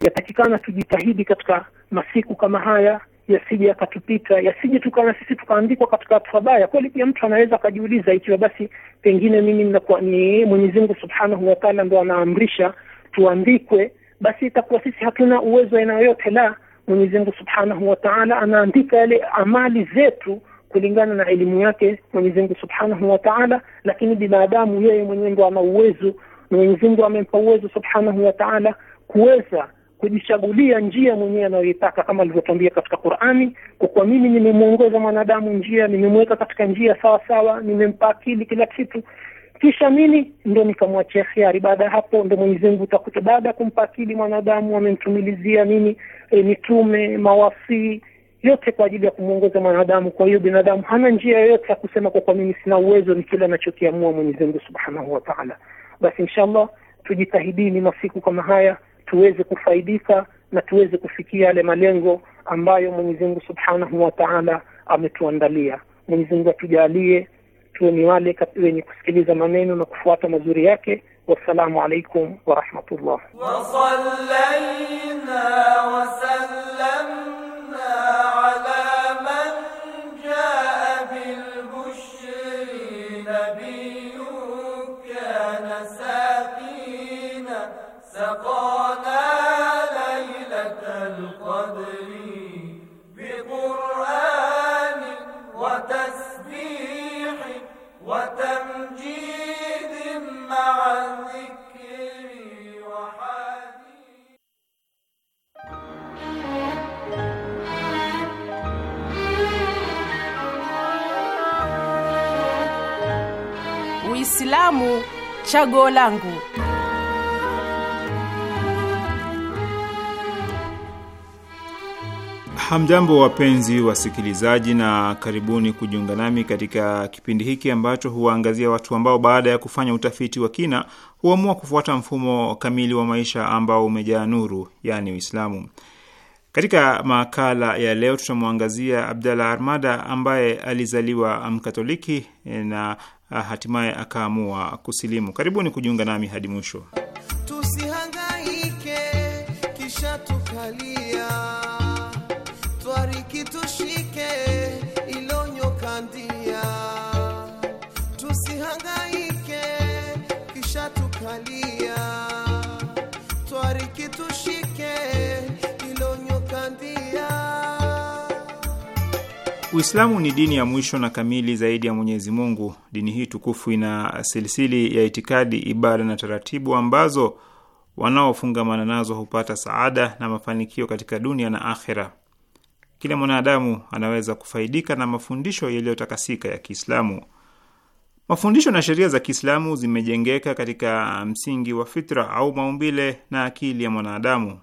yatakikana tujitahidi katika masiku kama haya yasije yakatupita, yasije tukawa sisi tukaandikwa katika watu wabaya. Kweli pia mtu anaweza akajiuliza, ikiwa basi pengine mimi nakuwa ni Mwenyezi Mungu Subhanahu wa Ta'ala ndo anaamrisha tuandikwe, basi itakuwa sisi hatuna uwezo aina yoyote. La, Mwenyezi Mungu Subhanahu wa Ta'ala anaandika yale amali zetu kulingana na elimu yake Mwenyezi Mungu Subhanahu wa Ta'ala, lakini binadamu yeye mwenyewe ndo ana uwezo. Mwenyezi Mungu amempa uwezo Subhanahu wa Ta'ala kuweza kujichagulia njia mwenyewe anayoitaka kama alivyotwambia katika Qur'ani, kwa kuwa mimi nimemwongoza mwanadamu njia, nimemweka katika njia sawa sawa, nimempa akili kila kitu kisha mimi ndo nikamwachia khiari. Baada ya hapo ndo Mwenyezi Mungu utakuta baada ya kumpa akili mwanadamu amemtumilizia nini, e, mitume mawasii yote kwa ajili ya kumwongoza mwanadamu. Kwa hiyo binadamu hana njia yoyote ya kusema kwa kuwa mimi sina uwezo, ni kile anachokiamua Mwenyezi Mungu Subhanahu wa Ta'ala. Basi inshallah tujitahidini masiku kama haya tuweze kufaidika na tuweze kufikia yale malengo ambayo Mwenyezi Mungu Subhanahu wa Ta'ala ametuandalia. Mwenyezi Mungu atujalie tuwe ni wale wenye kusikiliza maneno na kufuata mazuri yake. Wassalamu alaikum wa rahmatullah. Wa sallayna wa سقانا ليلة القدر بقرآن وتسبيح وتمجيد مع الذكر وحديث Uislamu chaguo langu. Hamjambo, wapenzi wasikilizaji, na karibuni kujiunga nami katika kipindi hiki ambacho huwaangazia watu ambao baada ya kufanya utafiti wa kina huamua kufuata mfumo kamili wa maisha ambao umejaa nuru, yaani Uislamu. Katika makala ya leo tutamwangazia abdalah Armada ambaye alizaliwa Mkatoliki eh, na ah, hatimaye akaamua kusilimu. Karibuni kujiunga nami hadi mwisho tu Uislamu ni dini ya mwisho na kamili zaidi ya Mwenyezi Mungu. Dini hii tukufu ina silsili ya itikadi, ibada na taratibu ambazo wanaofungamana nazo hupata saada na mafanikio katika dunia na akhera. Kila mwanadamu anaweza kufaidika na mafundisho yaliyotakasika ya Kiislamu. Mafundisho na sheria za Kiislamu zimejengeka katika msingi wa fitra au maumbile na akili ya mwanadamu,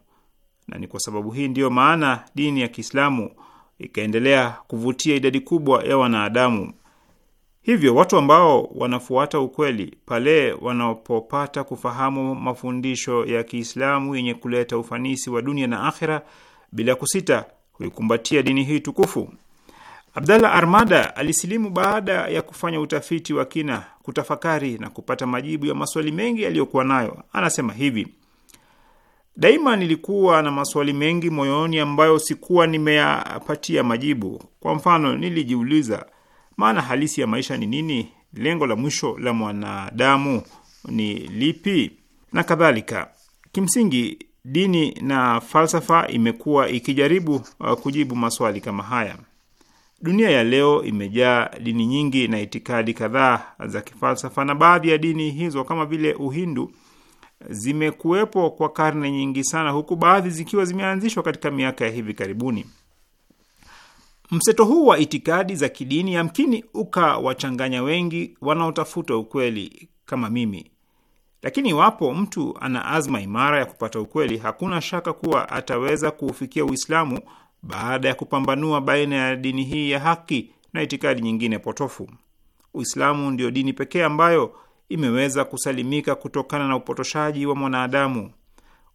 na ni kwa sababu hii ndiyo maana dini ya Kiislamu ikaendelea kuvutia idadi kubwa ya wanadamu. Hivyo watu ambao wanafuata ukweli pale wanapopata kufahamu mafundisho ya Kiislamu yenye kuleta ufanisi wa dunia na akhira bila kusita kuikumbatia dini hii tukufu. Abdallah Armada alisilimu baada ya kufanya utafiti wa kina, kutafakari na kupata majibu ya maswali mengi aliyokuwa nayo. Anasema hivi: Daima nilikuwa na maswali mengi moyoni ambayo sikuwa nimeyapatia majibu. Kwa mfano, nilijiuliza maana halisi ya maisha ni nini, lengo la mwisho la mwanadamu ni lipi, na kadhalika. Kimsingi, dini na falsafa imekuwa ikijaribu uh, kujibu maswali kama haya. Dunia ya leo imejaa dini nyingi na itikadi kadhaa za kifalsafa, na baadhi ya dini hizo kama vile Uhindu zimekuwepo kwa karne nyingi sana, huku baadhi zikiwa zimeanzishwa katika miaka ya hivi karibuni. Mseto huu wa itikadi za kidini yamkini ukawachanganya wengi wanaotafuta ukweli kama mimi, lakini iwapo mtu ana azma imara ya kupata ukweli, hakuna shaka kuwa ataweza kuufikia Uislamu baada ya kupambanua baina ya dini hii ya haki na itikadi nyingine potofu. Uislamu ndio dini pekee ambayo imeweza kusalimika kutokana na upotoshaji wa mwanadamu.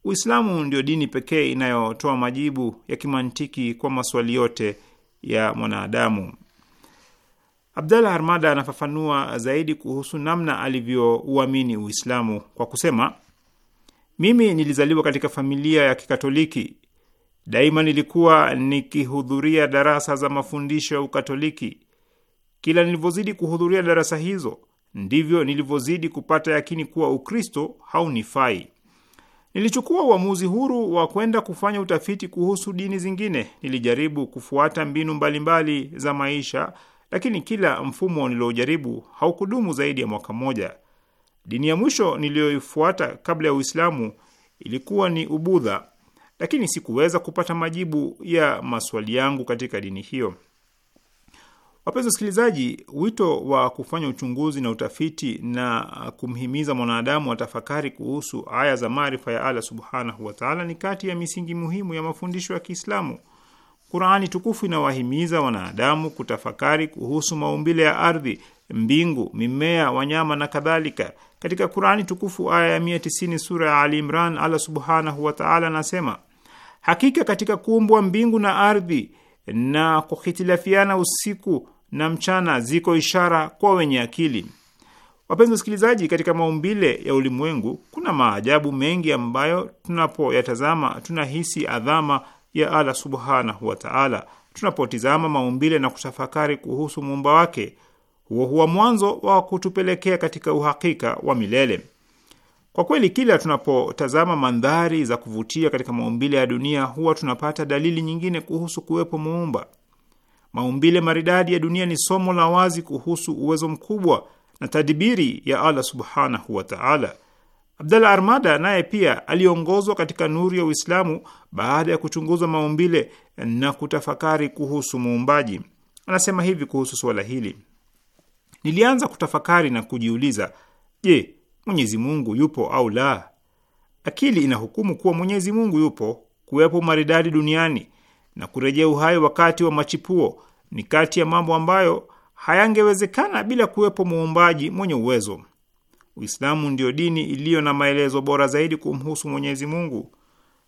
Uislamu ndio dini pekee inayotoa majibu ya kimantiki kwa maswali yote ya mwanadamu. Abdallah Armada anafafanua zaidi kuhusu namna alivyouamini Uislamu kwa kusema, mimi nilizaliwa katika familia ya Kikatoliki. Daima nilikuwa nikihudhuria darasa za mafundisho ya Ukatoliki. Kila nilivyozidi kuhudhuria darasa hizo ndivyo nilivyozidi kupata yakini kuwa Ukristo haunifai. Nilichukua uamuzi huru wa kwenda kufanya utafiti kuhusu dini zingine. Nilijaribu kufuata mbinu mbalimbali mbali za maisha, lakini kila mfumo niliojaribu haukudumu zaidi ya mwaka mmoja. Dini ya mwisho niliyoifuata kabla ya Uislamu ilikuwa ni Ubudha, lakini sikuweza kupata majibu ya maswali yangu katika dini hiyo. Wapenzi wasikilizaji, wito wa kufanya uchunguzi na utafiti na kumhimiza mwanadamu atafakari kuhusu aya za maarifa ya Allah subhanahu wataala ni kati ya misingi muhimu ya mafundisho ya Kiislamu. Qurani tukufu inawahimiza wanadamu kutafakari kuhusu maumbile ya ardhi, mbingu, mimea, wanyama na kadhalika. Katika Qurani tukufu aya ya 190 sura ya Ali Imran, Allah subhanahu wataala anasema, hakika katika kuumbwa mbingu na ardhi na kuhitilafiana usiku na mchana ziko ishara kwa wenye akili. Wapenzi wasikilizaji, katika maumbile ya ulimwengu kuna maajabu mengi ambayo tunapoyatazama tunahisi adhama ya Allah subhanahu wa taala. Tunapotizama maumbile na kutafakari kuhusu muumba wake, huo huwa mwanzo wa kutupelekea katika uhakika wa milele. Kwa kweli kila tunapotazama mandhari za kuvutia katika maumbile ya dunia huwa tunapata dalili nyingine kuhusu kuwepo muumba. Maumbile maridadi ya dunia ni somo la wazi kuhusu uwezo mkubwa na tadibiri ya Allah subhanahu wa taala. Armada naye pia aliongozwa katika nuru ya Uislamu baada ya kuchunguza maumbile na kutafakari kuhusu muumbaji. Anasema hivi kuhusu suala hili: nilianza kutafakari na kujiuliza, je, Mwenyezi Mungu yupo au la. Akili inahukumu kuwa Mwenyezi Mungu yupo, kuwepo maridadi duniani na kurejea uhai wakati wa machipuo ni kati ya mambo ambayo hayangewezekana bila kuwepo muumbaji mwenye uwezo. Uislamu ndio dini iliyo na maelezo bora zaidi kumhusu Mwenyezi Mungu.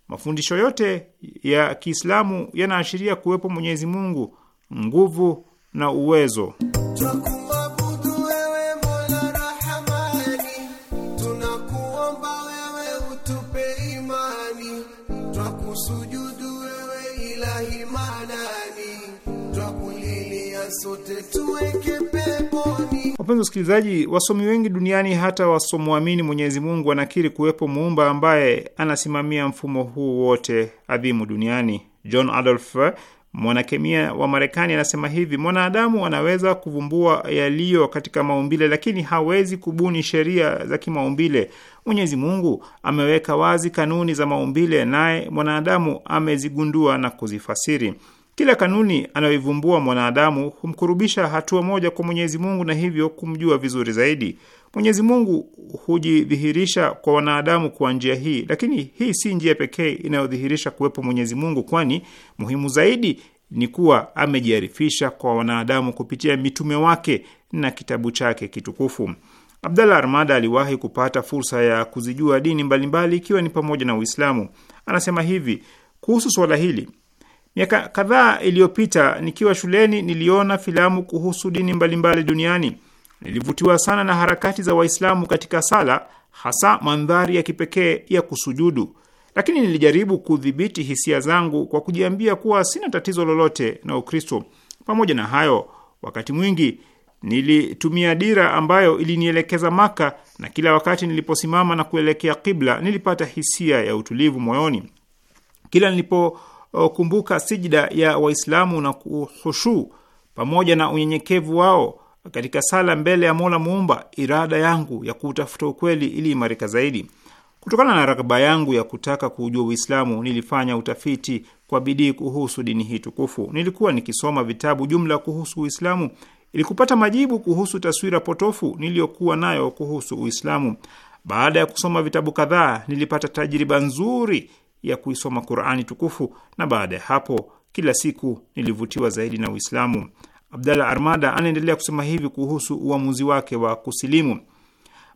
Mafundisho yote ya Kiislamu yanaashiria kuwepo Mwenyezi Mungu, nguvu na uwezo. Wapenzi wasikilizaji, wasomi wengi duniani, hata wasomwamini Mwenyezi Mungu, wanakiri kuwepo muumba ambaye anasimamia mfumo huu wote adhimu duniani. John Adolf, mwanakemia wa Marekani, anasema hivi: mwanadamu anaweza kuvumbua yaliyo katika maumbile, lakini hawezi kubuni sheria za kimaumbile. Mwenyezi Mungu ameweka wazi kanuni za maumbile, naye mwanadamu amezigundua na kuzifasiri. Kila kanuni anayoivumbua mwanadamu humkurubisha hatua moja kwa Mwenyezi Mungu na hivyo kumjua vizuri zaidi. Mwenyezi Mungu hujidhihirisha kwa wanadamu kwa njia hii, lakini hii si njia pekee inayodhihirisha kuwepo Mwenyezi Mungu, kwani muhimu zaidi ni kuwa amejiarifisha kwa wanadamu kupitia mitume wake na kitabu chake kitukufu. Abdallah Armada aliwahi kupata fursa ya kuzijua dini mbalimbali ikiwa ni pamoja na Uislamu. Anasema hivi kuhusu swala hili: Miaka kadhaa iliyopita nikiwa shuleni niliona filamu kuhusu dini mbalimbali duniani. Nilivutiwa sana na harakati za Waislamu katika sala, hasa mandhari ya kipekee ya kusujudu. Lakini nilijaribu kudhibiti hisia zangu kwa kujiambia kuwa sina tatizo lolote na Ukristo. Pamoja na hayo, wakati mwingi nilitumia dira ambayo ilinielekeza Maka, na kila wakati niliposimama na kuelekea kibla nilipata hisia ya utulivu moyoni. Kila nilipo Uh, kumbuka sijida ya Waislamu na kuhushu pamoja na unyenyekevu wao katika sala mbele ya Mola Muumba, irada yangu ya kuutafuta ukweli imarika zaidi. Kutokana na ragba yangu ya kutaka kuujua Uislamu, nilifanya utafiti kwa bidii kuhusu dini hii tukufu. Nilikuwa nikisoma vitabu jumla kuhusu Uislamu ili kupata majibu kuhusu taswira potofu niliyokuwa nayo kuhusu Uislamu. Baada ya kusoma vitabu kadhaa, nilipata tajriba nzuri ya kuisoma Qurani tukufu na baada ya hapo kila siku nilivutiwa zaidi na Uislamu. Abdalla Armada anaendelea kusema hivi kuhusu uamuzi wake wa kusilimu.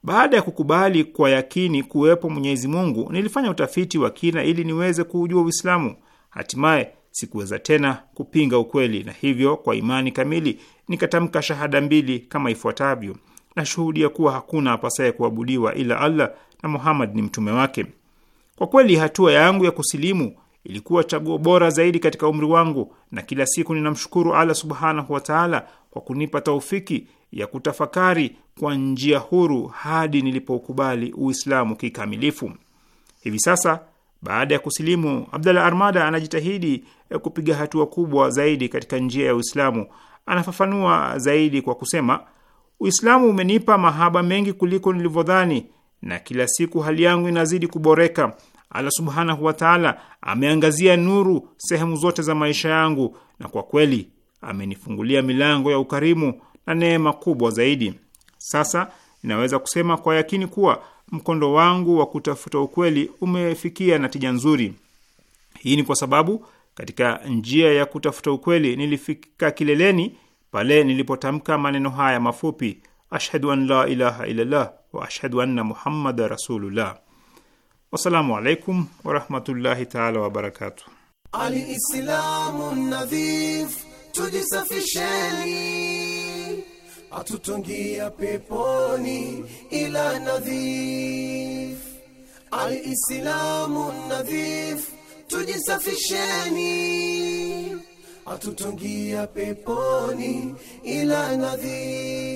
Baada ya kukubali kwa yakini kuwepo Mwenyezi Mungu, nilifanya utafiti wa kina ili niweze kuujua Uislamu. Hatimaye sikuweza tena kupinga ukweli, na hivyo kwa imani kamili nikatamka shahada mbili kama ifuatavyo: nashuhudia kuwa hakuna apasaye kuabudiwa ila Allah na Muhammad ni mtume wake. Kwa kweli hatua yangu ya kusilimu ilikuwa chaguo bora zaidi katika umri wangu, na kila siku ninamshukuru Allah subhanahu wataala kwa kunipa taufiki ya kutafakari kwa njia huru hadi nilipoukubali Uislamu kikamilifu. Hivi sasa baada ya kusilimu, Abdala Armada anajitahidi eh, kupiga hatua kubwa zaidi katika njia ya Uislamu. Anafafanua zaidi kwa kusema, Uislamu umenipa mahaba mengi kuliko nilivyodhani na kila siku hali yangu inazidi kuboreka. Allah subhanahu wataala ameangazia nuru sehemu zote za maisha yangu, na kwa kweli amenifungulia milango ya ukarimu na neema kubwa zaidi. Sasa inaweza kusema kwa yakini kuwa mkondo wangu wa kutafuta ukweli umefikia na tija nzuri. Hii ni kwa sababu katika njia ya kutafuta ukweli nilifika kileleni pale nilipotamka maneno haya mafupi, ashhadu an la ilaha illallah wa ashhadu anna Muhammada rasulullah. Wassalamu alaikum warahmatullahi taala wabarakatuh. Aliislamu nadhif, tujisafisheni, atutungia peponi ila nadhif. Aliislamu nadhif, tujisafisheni, atutungia peponi ila nadhif.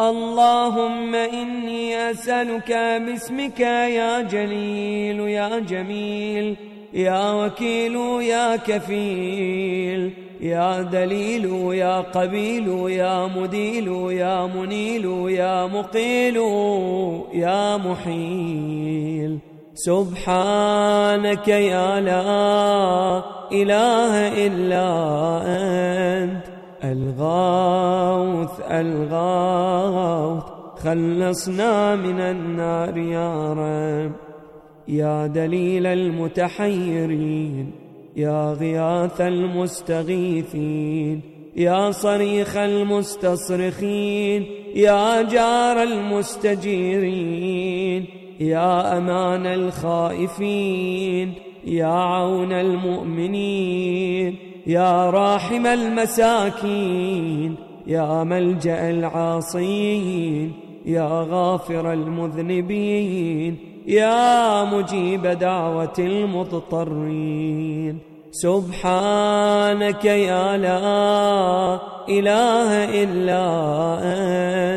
اللهم إني أسألك باسمك يا جليل يا جميل يا وكيل يا كفيل يا دليل يا قبيل يا مديل يا منيل يا مقيل يا محيل سبحانك يا لا إله إلا أنت الغوث الغوث خلصنا من النار يا رب يا دليل المتحيرين يا غياث المستغيثين يا صريخ المستصرخين يا جار المستجيرين يا امان الخائفين يا عون المؤمنين يا راحم المساكين يا ملجأ العاصين يا غافر المذنبين يا مجيب دعوة المضطرين سبحانك يا لا إله إلا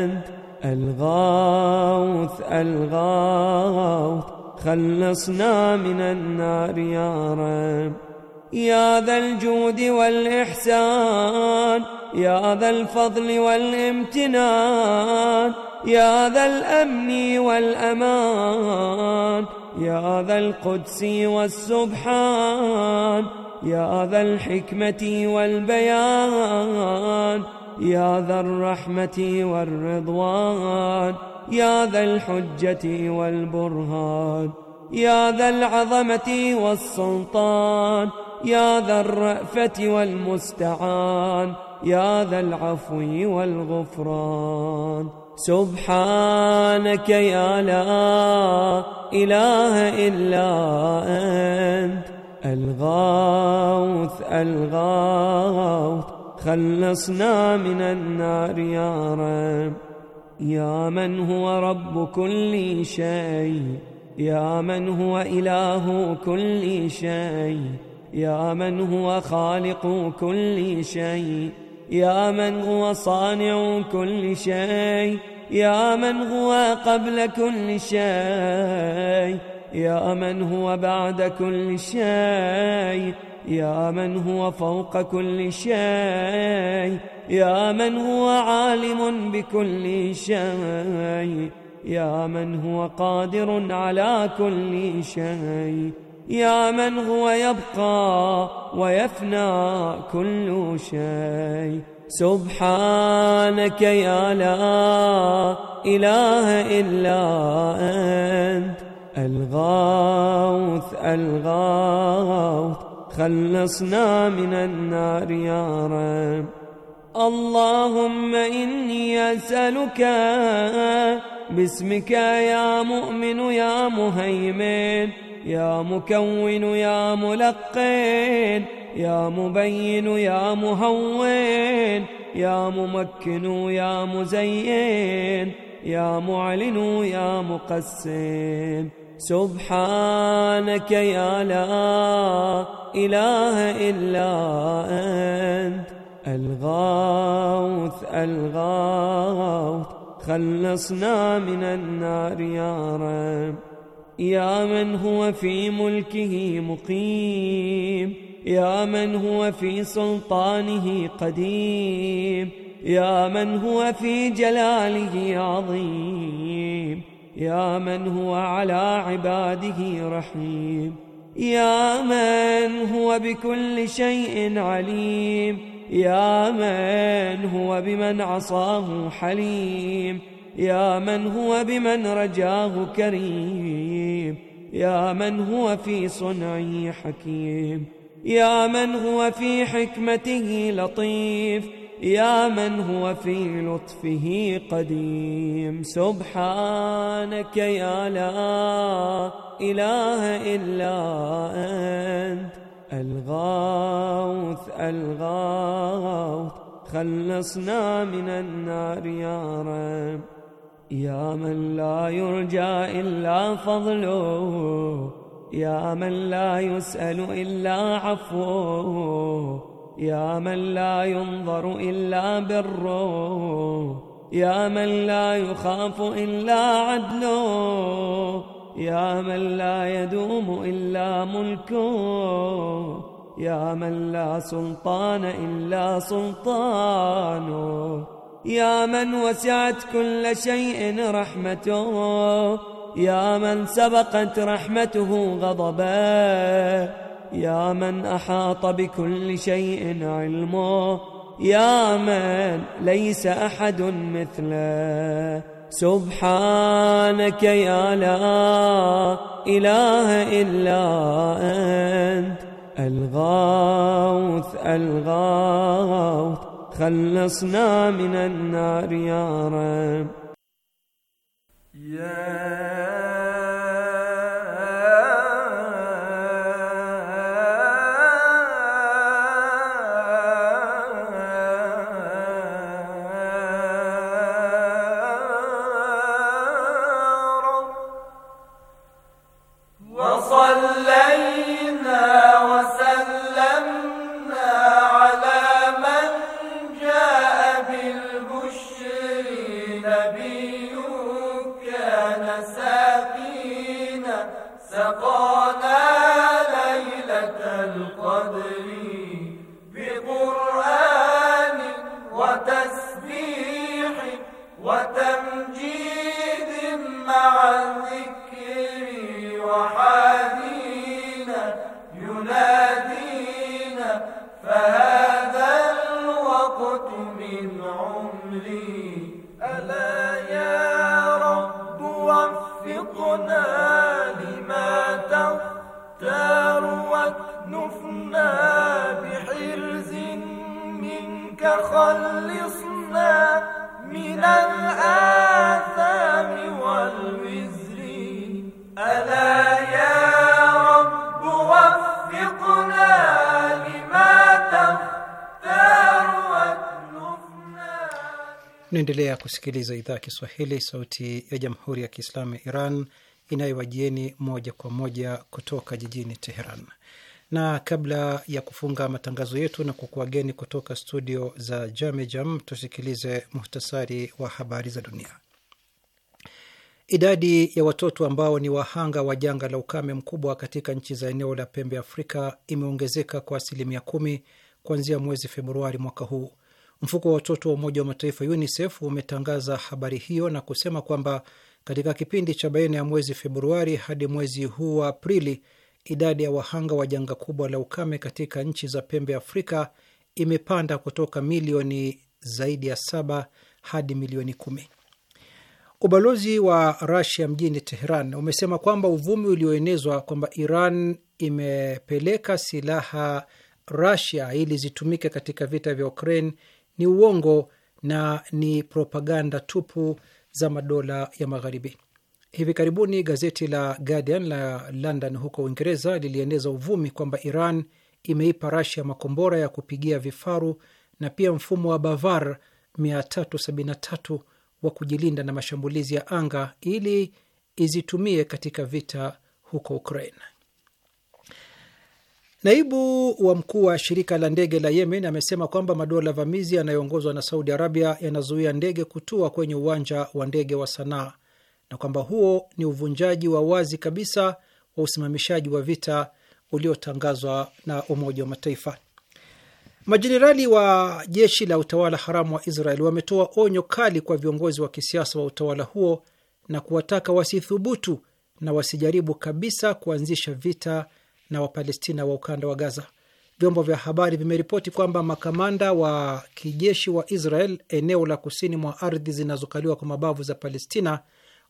أنت الغوث الغوث خلصنا من النار يا رب يا ذا الجود والإحسان يا ذا الفضل والامتنان يا ذا الأمن والأمان يا ذا القدس والسبحان يا ذا الحكمة والبيان يا ذا الرحمة والرضوان يا ذا الحجة والبرهان يا ذا العظمة والسلطان يا ذا الرأفة والمستعان يا ذا العفو والغفران سبحانك يا لا إله إلا أنت الغوث الغوث خلصنا من النار يا رب يا من هو رب كل شيء يا من هو إله كل شيء يا من هو خالق كل شيء يا من هو صانع كل شيء يا من هو قبل كل شيء يا من هو بعد كل شيء يا من هو فوق كل شيء يا من هو عالم بكل شيء يا من هو قادر على كل شيء يا من هو يبقى ويفنى كل شيء سبحانك يا لا إله إلا أنت الغوث الغوث خلصنا من النار يا رب اللهم إني أسألك باسمك يا مؤمن يا مهيمن يا مكون يا ملقن يا مبين يا مهون يا ممكن يا مزين يا معلن يا مقسم سبحانك يا لا إله إلا أنت الغوث الغوث خلصنا من النار يا رب يا من هو في ملكه مقيم يا من هو في سلطانه قديم يا من هو في جلاله عظيم يا من هو على عباده رحيم يا من هو بكل شيء عليم يا من هو بمن عصاه حليم يا من هو بمن رجاه كريم يا من هو في صنعه حكيم يا من هو في حكمته لطيف يا من هو في لطفه قديم سبحانك يا لا إله إلا أنت الغاوث الغاوث خلصنا من النار يا رب يا من لا يرجى إلا فضله يا من لا يسأل إلا عفوه يا من لا ينظر إلا بره يا من لا يخاف إلا عدله يا من لا يدوم إلا ملكه يا من لا سلطان إلا سلطانه يا من وسعت كل شيء رحمته يا من سبقت رحمته غضبه يا من أحاط بكل شيء علمه يا من ليس أحد مثله سبحانك يا لا إله إلا أنت الغاوث الغاوث خلصنا من النار يا رب yeah. فهذا الوقت من عمري ألا يا رب وفقنا لما تختار واكنفنا بحرز منك خلق Unaendelea kusikiliza idhaa ya Kiswahili, sauti ya jamhuri ya kiislamu ya Iran inayowajieni moja kwa moja kutoka jijini Teheran. Na kabla ya kufunga matangazo yetu na kukuageni kutoka studio za Jamejam, tusikilize muhtasari wa habari za dunia. Idadi ya watoto ambao ni wahanga wa janga la ukame mkubwa katika nchi za eneo la pembe Afrika imeongezeka kwa asilimia kumi kuanzia mwezi Februari mwaka huu Mfuko wa watoto wa Umoja wa Mataifa UNICEF umetangaza habari hiyo na kusema kwamba katika kipindi cha baina ya mwezi Februari hadi mwezi huu wa Aprili, idadi ya wahanga wa janga kubwa la ukame katika nchi za pembe Afrika imepanda kutoka milioni zaidi ya saba hadi milioni kumi. Ubalozi wa Rasia mjini Teheran umesema kwamba uvumi ulioenezwa kwamba Iran imepeleka silaha Rasia ili zitumike katika vita vya Ukraine ni uongo na ni propaganda tupu za madola ya Magharibi. Hivi karibuni gazeti la Guardian la London huko Uingereza lilieneza uvumi kwamba Iran imeipa Rasia makombora ya kupigia vifaru na pia mfumo wa Bavar 373 wa kujilinda na mashambulizi ya anga ili izitumie katika vita huko ukraine Naibu wa mkuu wa shirika la ndege la Yemen amesema kwamba madola vamizi yanayoongozwa na Saudi Arabia yanazuia ndege kutua kwenye uwanja wa ndege wa Sanaa na kwamba huo ni uvunjaji wa wazi kabisa wa usimamishaji wa vita uliotangazwa na Umoja wa Mataifa. Majenerali wa jeshi la utawala haramu wa Israel wametoa onyo kali kwa viongozi wa kisiasa wa utawala huo na kuwataka wasithubutu na wasijaribu kabisa kuanzisha vita na Wapalestina wa ukanda wa Gaza. Vyombo vya habari vimeripoti kwamba makamanda wa kijeshi wa Israel eneo la kusini mwa ardhi zinazokaliwa kwa mabavu za Palestina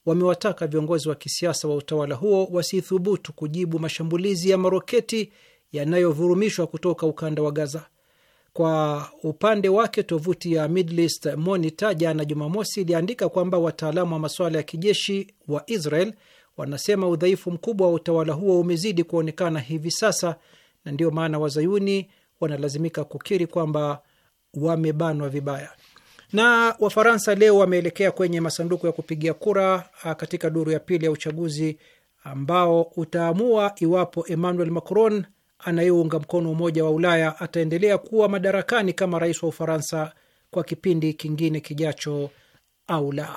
wamewataka viongozi wa kisiasa wa utawala huo wasithubutu kujibu mashambulizi ya maroketi yanayovurumishwa kutoka ukanda wa Gaza. Kwa upande wake, tovuti ya Middle East Monitor jana Jumamosi iliandika kwamba wataalamu wa masuala ya kijeshi wa Israel wanasema udhaifu mkubwa wa utawala huo umezidi kuonekana hivi sasa, na ndiyo maana wazayuni wanalazimika kukiri kwamba wamebanwa vibaya. Na Wafaransa leo wameelekea kwenye masanduku ya kupigia kura ah, katika duru ya pili ya uchaguzi ambao utaamua iwapo Emmanuel Macron anayeunga mkono Umoja wa Ulaya ataendelea kuwa madarakani kama rais wa Ufaransa kwa kipindi kingine kijacho au la.